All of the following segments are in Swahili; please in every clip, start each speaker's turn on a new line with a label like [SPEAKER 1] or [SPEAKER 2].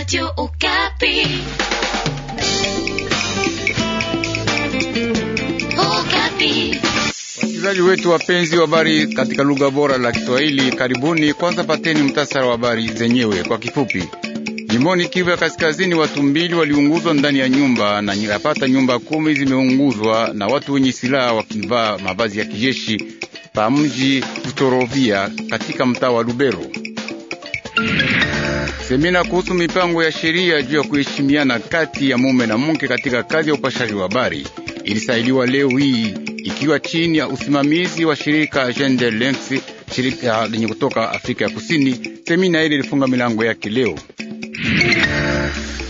[SPEAKER 1] Radio Okapi. Okapi.
[SPEAKER 2] Wasikilizaji wetu wapenzi wa habari katika lugha bora la Kiswahili, karibuni. Kwanza pateni mtasara wa habari zenyewe kwa kifupi. Jimboni Kivu ya Kaskazini, watu mbili waliunguzwa ndani ya nyumba na yapata nyumba kumi zimeunguzwa na watu wenye silaha wakivaa mavazi ya kijeshi pa mji Utorovia katika mtaa wa Lubero. Semina kuhusu mipango ya sheria juu ya kuheshimiana kati ya mume na mke katika kazi ya upashaji wa habari ilisailiwa leo hii ikiwa chini ya usimamizi wa shirika Gender Links, shirika lenye kutoka Afrika ya Kusini. Semina ile ilifunga milango yake leo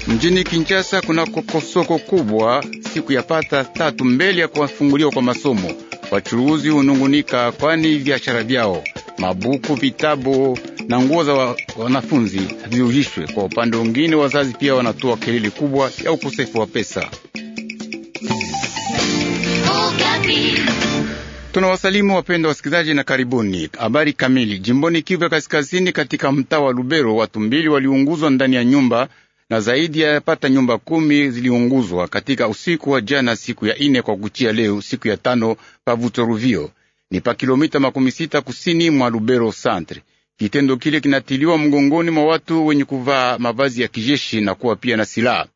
[SPEAKER 2] mjini Kinshasa. Kuna kokosoko kubwa siku ya pata tatu mbele ya kufunguliwa kwa masomo. Wachuruzi hunungunika kwani biashara vyao mabuku, vitabu na nguo za wanafunzi ziuhishwe Kwa upande mwingine, wazazi pia wanatoa kelele kubwa ya ukosefu wa pesa. Tunawasalimu wapendwa wasikilizaji na karibuni. Habari kamili. Jimboni Kivu ya Kaskazini, katika mtaa wa Lubero, watu mbili waliunguzwa ndani ya nyumba na zaidi ya yapata nyumba kumi ziliunguzwa katika usiku wa jana, siku ya ine kwa kuchia leo, siku ya tano, Pavuto Ruvio ni pa kilomita makumi sita kusini mwa Lubero Centre. Kitendo kile kinatiliwa mgongoni mwa watu wenye kuvaa mavazi ya kijeshi na kuwa pia na silaha.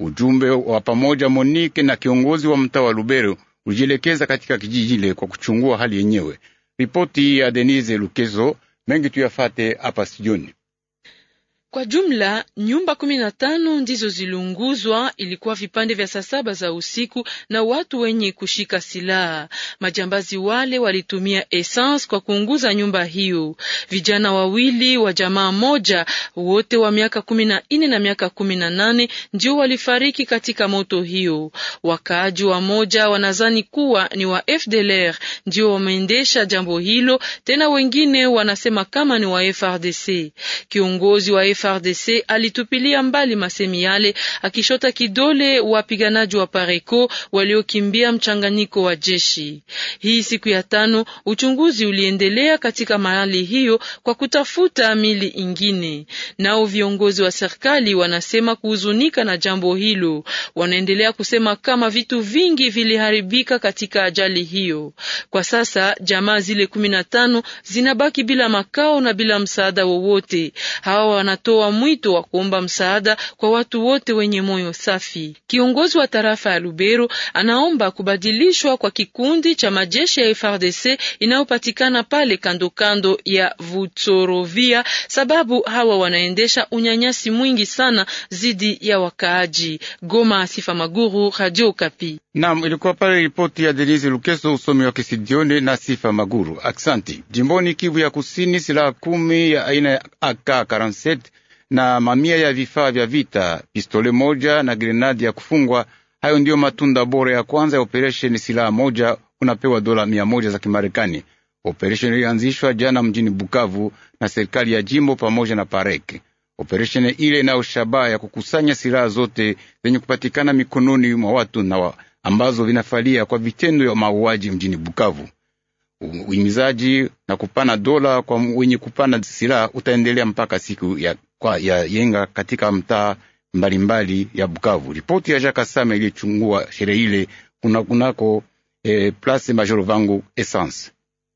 [SPEAKER 2] Ujumbe wa pamoja Monike na kiongozi wa mtaa wa Lubero ulijielekeza katika kijiji ile kwa kuchungua hali yenyewe. Ripoti ya Denise Lukezo mengi tuyafate hapa studioni.
[SPEAKER 1] Kwa jumla nyumba kumi na tano ndizo ziliunguzwa, ilikuwa vipande vya saa saba za usiku na watu wenye kushika silaha. Majambazi wale walitumia essence kwa kuunguza nyumba hiyo. Vijana wawili wa jamaa moja, wote wa miaka kumi na nne na miaka kumi na nane ndio walifariki katika moto hiyo. Wakaaji wa moja wanazani kuwa ni wa FDLR ndio wameendesha jambo hilo, tena wengine wanasema kama ni wa FRDC. Kiongozi wa FDLR FRDC alitupilia mbali masemi yale, akishota kidole wapiganaji wa Pareko waliokimbia mchanganyiko wa jeshi. Hii siku ya tano uchunguzi uliendelea katika mahali hiyo kwa kutafuta mili ingine. Nao viongozi wa serikali wanasema kuhuzunika na jambo hilo. Wanaendelea kusema kama vitu vingi viliharibika katika ajali hiyo. Kwa sasa jamaa zile kumi na tano zinabaki bila makao na bila msaada wowote. Hawa wanatoa kutoa mwito wa kuomba msaada kwa watu wote wenye moyo safi. Kiongozi wa tarafa ya Lubero anaomba kubadilishwa kwa kikundi cha majeshi ya FRDC inayopatikana pale kando kando ya Vutsorovia, sababu hawa wanaendesha unyanyasi mwingi sana dhidi ya wakaaji. Goma, Asifa Maguru, Radio Kapi.
[SPEAKER 2] ilikuwa pale ripoti ya Denise Lukeso, usomi wa Kisidioni na Sifa Maguru. Aksanti. Jimboni Kivu ya Kusini, silaha kumi ya aina ya AK na mamia ya vifaa vya vita, pistole moja na grenadi ya kufungwa. Hayo ndiyo matunda bora ya kwanza ya operesheni. Silaha moja unapewa dola mia moja za Kimarekani. Operesheni ilianzishwa jana mjini Bukavu na serikali ya jimbo pamoja na Pareke. Operesheni ile inayo shabaha ya kukusanya silaha zote zenye kupatikana mikononi mwa watu na wa, ambazo vinafalia kwa vitendo ya mauaji mjini Bukavu. Uhimizaji na kupana dola kwa wenye kupana silaha utaendelea mpaka siku ya kwa ya Yenga katika mtaa mbalimbali ya Bukavu. Ripoti ya Jaka Same ilichungua sherehe ile kuna kunako eh, Place Major Vangu Essence.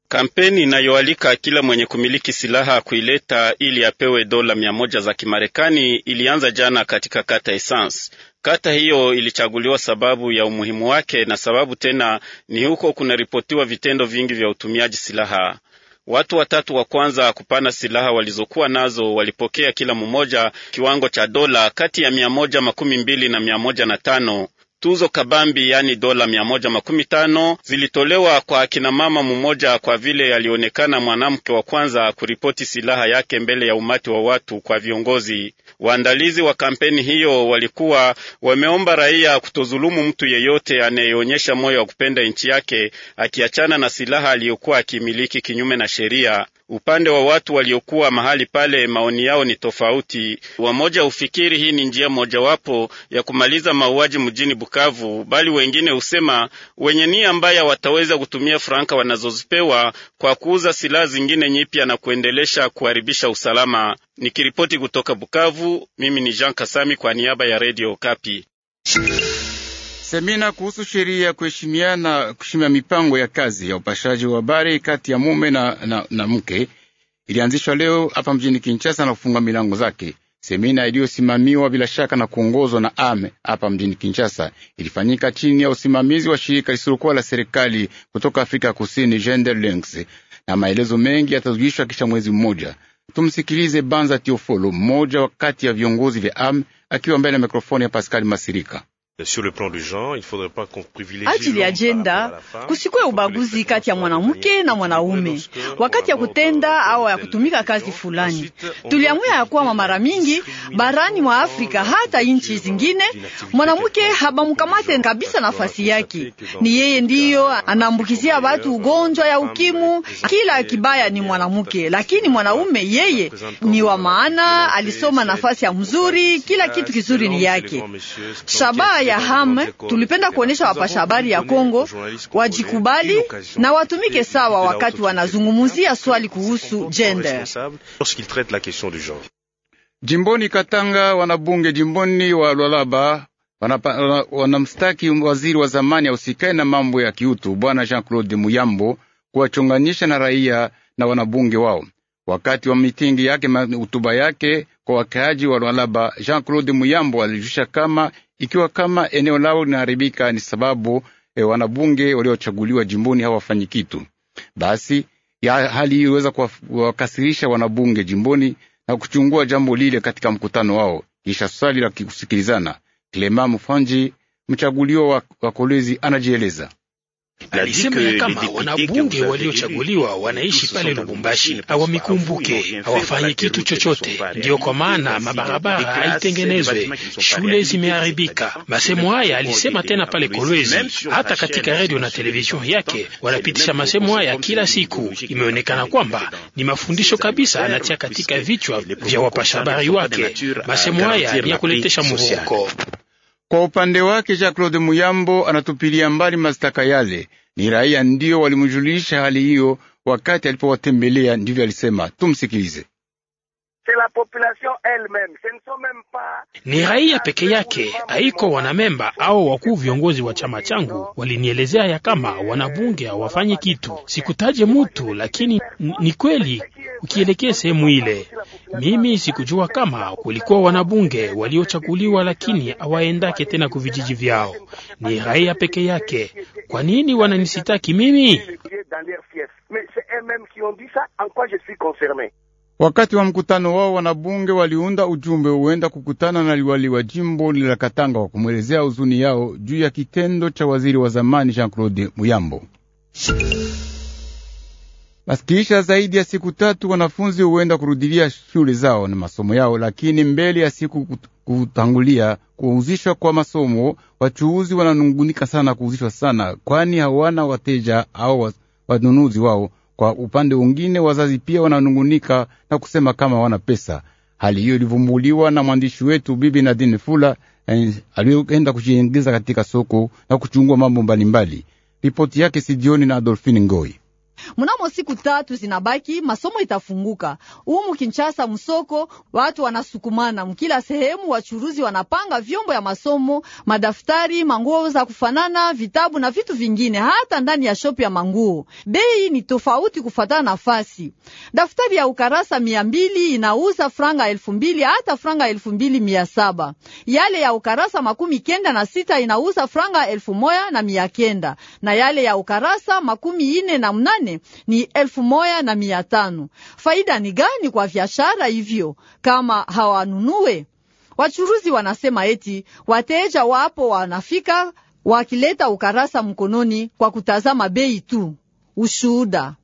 [SPEAKER 3] Kampeni inayoalika kila mwenye kumiliki silaha kuileta ili apewe dola mia moja za Kimarekani ilianza jana katika kata Essence. Kata hiyo ilichaguliwa sababu ya umuhimu wake, na sababu tena ni huko kunaripotiwa vitendo vingi vya utumiaji silaha. Watu watatu wa kwanza kupana silaha walizokuwa nazo walipokea kila mmoja kiwango cha dola kati ya mia moja makumi mbili na mia moja na tano. Tuzo kabambi yani dola mia moja makumi tano zilitolewa kwa akinamama mmoja kwa vile alionekana mwanamke wa kwanza kuripoti silaha yake mbele ya umati wa watu kwa viongozi. Waandalizi wa kampeni hiyo walikuwa wameomba raia kutozulumu mtu yeyote anayeonyesha moyo wa kupenda nchi yake, akiachana na silaha aliyokuwa akimiliki kinyume na sheria. Upande wa watu waliokuwa mahali pale, maoni yao ni tofauti. Wamoja ufikiri hii ni njia mojawapo ya kumaliza mauaji mjini Bukavu, bali wengine husema wenye nia mbaya wataweza kutumia franka wanazozipewa kwa kuuza silaha zingine nyipya na kuendelesha kuharibisha usalama. Nikiripoti kutoka Bukavu, mimi ni Jean Kasami kwa niaba ya redio Kapi
[SPEAKER 2] semina kuhusu sheria ya kuheshimiana, kuheshimia mipango ya kazi ya upashaji wa habari kati ya mume na, na, na mke ilianzishwa leo hapa mjini Kinshasa na kufunga milango zake. Semina iliyosimamiwa bila shaka na kuongozwa na ame hapa mjini Kinshasa ilifanyika chini ya usimamizi wa shirika lisilokuwa la serikali kutoka Afrika Kusini, gender Links, na maelezo mengi yatajulishwa kisha mwezi mmoja. Tumsikilize Banza Tiofolo, mmoja kati ya viongozi vya ame, akiwa mbele ya mikrofoni ya Paskali Masirika
[SPEAKER 4] ajili ya jenda, kusikuwe ubaguzi kati ya mwanamke na mwanaume wakati ya kutenda au ya kutumika kazi fulani. Tuliamua ya kwamba mara mingi barani mwa Afrika, hata nchi zingine, mwanamke habamkamate kabisa nafasi yake. Ni yeye ndiyo anaambukizia watu ugonjwa ya ukimu. Kila kibaya ni mwanamke, lakini mwanaume yeye ni wa maana, alisoma nafasi ya mzuri, kila kitu kizuri ni yake Shaba ya ham tulipenda kuonesha wapasha habari ya Kongo wajikubali na watumike sawa wakati wanazungumzia swali kuhusu gender.
[SPEAKER 2] Jimboni Katanga, wanabunge jimboni wa Lwalaba wanamstaki wana waziri wa zamani ausikai na mambo ya kiutu Bwana Jean Claude Muyambo kuwachonganisha na raia na wanabunge wao. Wakati wa mitingi yake mahutuba yake kwa wakaaji wa Lualaba, Jean Claude Muyambo alijusha kama ikiwa kama eneo lao linaharibika ni sababu e, wanabunge waliochaguliwa jimboni hawafanyi kitu. Basi ya hali hiyo iweza kuwakasirisha wanabunge jimboni na kuchungua jambo lile katika mkutano wao. Kisha swali la kusikilizana, Clement Mfanji mchaguliwa wa, wa Kolwezi anajieleza. Alisema ya kama wanabunge waliochaguliwa wanaishi pale Lubumbashi, hawamikumbuke, hawafanye kitu chochote. Ndiyo kwa maana mabarabara
[SPEAKER 5] haitengenezwe, shule zimeharibika. Masemo haya alisema tena pale Kolwezi. Hata katika redio na televisheni yake wanapitisha masemo haya kila siku. Imeonekana kwamba ni mafundisho kabisa anatia katika vichwa vya wapashabari wake. Masemo uh, haya ni ya kuletesha muruko.
[SPEAKER 2] Kwa upande wake Jean Claude Muyambo anatupilia mbali mashtaka yale. Ni raia ndio walimjulisha hali hiyo wakati alipowatembelea, ndivyo alisema. Tumsikilize.
[SPEAKER 5] Ni raia peke yake, haiko wanamemba au wakuu viongozi wa chama changu. Walinielezea ya kama wanabunge hawafanyi kitu, sikutaje mutu, lakini ni kweli ukielekea sehemu ile. Mimi sikujua kama kulikuwa wanabunge waliochaguliwa, lakini hawaendake tena kuvijiji vyao, ni raia peke yake.
[SPEAKER 2] Kwa nini wananisitaki mimi? Wakati wa mkutano wao wanabunge waliunda ujumbe huenda kukutana na liwali wa jimbo la Katanga wa kumwelezea huzuni yao juu ya kitendo cha waziri wa zamani Jean Claude Muyambo. Basi kisha zaidi ya siku tatu wanafunzi huenda kurudilia shule zao na masomo yao, lakini mbele ya siku kutangulia kuuzishwa kwa masomo, wachuuzi wananungunika sana, kuuzishwa sana, kwani hawana wateja au wanunuzi wao. Kwa upande wengine, wazazi pia wananungunika na kusema kama wana pesa. Hali hiyo ilivumbuliwa na mwandishi wetu Bibi Nadine Fula eh, aliyoenda kujiingiza katika soko na kuchungua mambo mbalimbali. Ripoti yake Sidioni na Adolfini Ngoi.
[SPEAKER 4] Mnamo siku tatu zinabaki masomo itafunguka umu Kinshasa msoko watu wanasukumana mkila sehemu, wachuruzi wanapanga vyombo ya masomo, madaftari, manguo za kufanana, vitabu na vitu vingine. Hata ndani ya shopu ya manguo bei ni tofauti kufuatana nafasi. Daftari ya ukarasa mia mbili inauza franga elfu mbili hata franga elfu mbili mia saba yale ya ukarasa makumi kenda na sita inauza franga elfu moja na mia kenda na yale ya ukarasa makumi ine na mnane ni elfu moja na mia tano. Faida ni gani kwa biashara hivyo kama hawanunue? Wachuruzi wanasema eti wateja wapo wanafika wakileta ukarasa mkononi kwa kutazama bei tu. Ushuhuda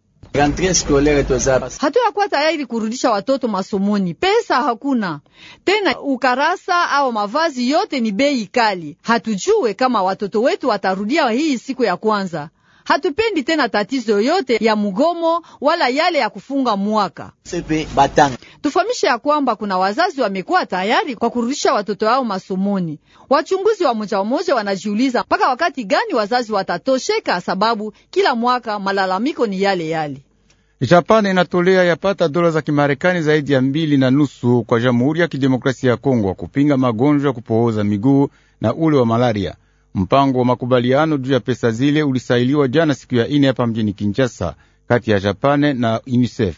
[SPEAKER 4] hatua tayari kurudisha watoto masomoni, pesa hakuna tena. Ukarasa au mavazi yote ni bei kali, hatujue kama watoto wetu watarudia hii siku ya kwanza. Hatupendi tena tatizo yoyote ya mgomo wala yale ya kufunga mwaka. Tufahamishe ya kwamba kuna wazazi wamekuwa tayari kwa kurudisha watoto wao masomoni. Wachunguzi wa moja wa moja wanajiuliza mpaka wakati gani wazazi watatosheka, sababu kila mwaka malalamiko ni yale yale.
[SPEAKER 2] Japan inatolea yapata dola za Kimarekani zaidi ya mbili na nusu kwa Jamhuri ya Kidemokrasia ya Kongo kupinga magonjwa ya kupooza miguu na ule wa malaria. Mpango wa makubaliano juu ya pesa zile ulisailiwa jana siku ya ine hapa mjini Kinshasa kati ya Japane na UNICEF.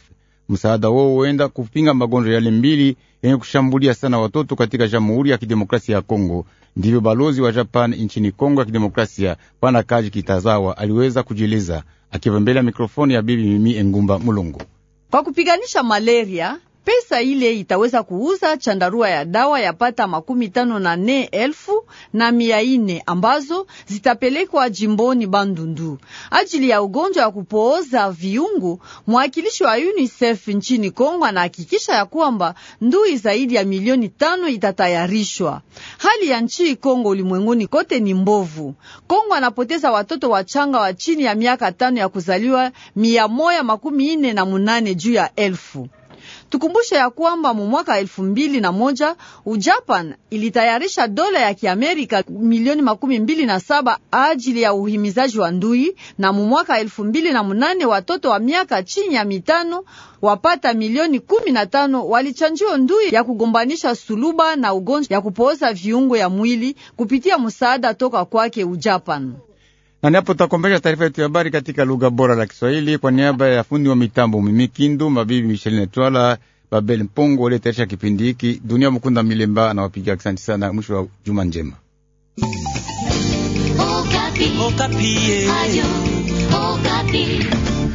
[SPEAKER 2] Msaada wao huenda kupinga magonjwa yale mbili yenye kushambulia sana watoto katika Jamhuri ya Kidemokrasia ya Kongo. Ndivyo balozi wa Japani nchini Kongo ya Kidemokrasia, Bwana Kaji Kitazawa aliweza kujieleza akiwa mbele ya mikrofoni ya Bibi Mimi Engumba Mulungu.
[SPEAKER 4] Kwa kupiganisha malaria Pesa ile itaweza kuuza chandarua ya dawa pata makumi tano na ne elfu na mia ine ambazo zitapelekwa jimboni Bandundu ajili ya ugonjwa wa kupooza viungu. Mwakilishi wa UNICEF nchini Kongo anahakikisha ya kwamba ndui zaidi ya milioni tano itatayarishwa. Hali ya nchi Kongo ulimwenguni kote ni mbovu. Kongo anapoteza watoto wachanga wa chini ya miaka tano ya kuzaliwa mia moya makumi ine na munane juu ya elfu. Tukumbushe ya kwamba mu mwaka elfu mbili na moja Ujapan ilitayarisha dola ya Kiamerika milioni makumi mbili na saba ajili ya uhimizaji wa ndui, na mu mwaka elfu mbili na munane watoto wa miaka chini ya mitano wapata milioni kumi na tano walichanjiwa ndui ya kugombanisha suluba na ugonjwa ya kupooza viungo ya mwili kupitia msaada toka kwake Ujapan
[SPEAKER 2] na niapo takombesha taarifa yetu ya habari katika lugha bora la Kiswahili kwa niaba ya fundi wa mitambo mimi Kindu Mabibi Micheline Twala Babel Mpongo aliyetayarisha kipindi hiki. Dunia Mukunda Milemba na wapiga asante sana. Mwisho wa juma njema.
[SPEAKER 1] Okapi.
[SPEAKER 5] Okapi. Ayo, Okapi.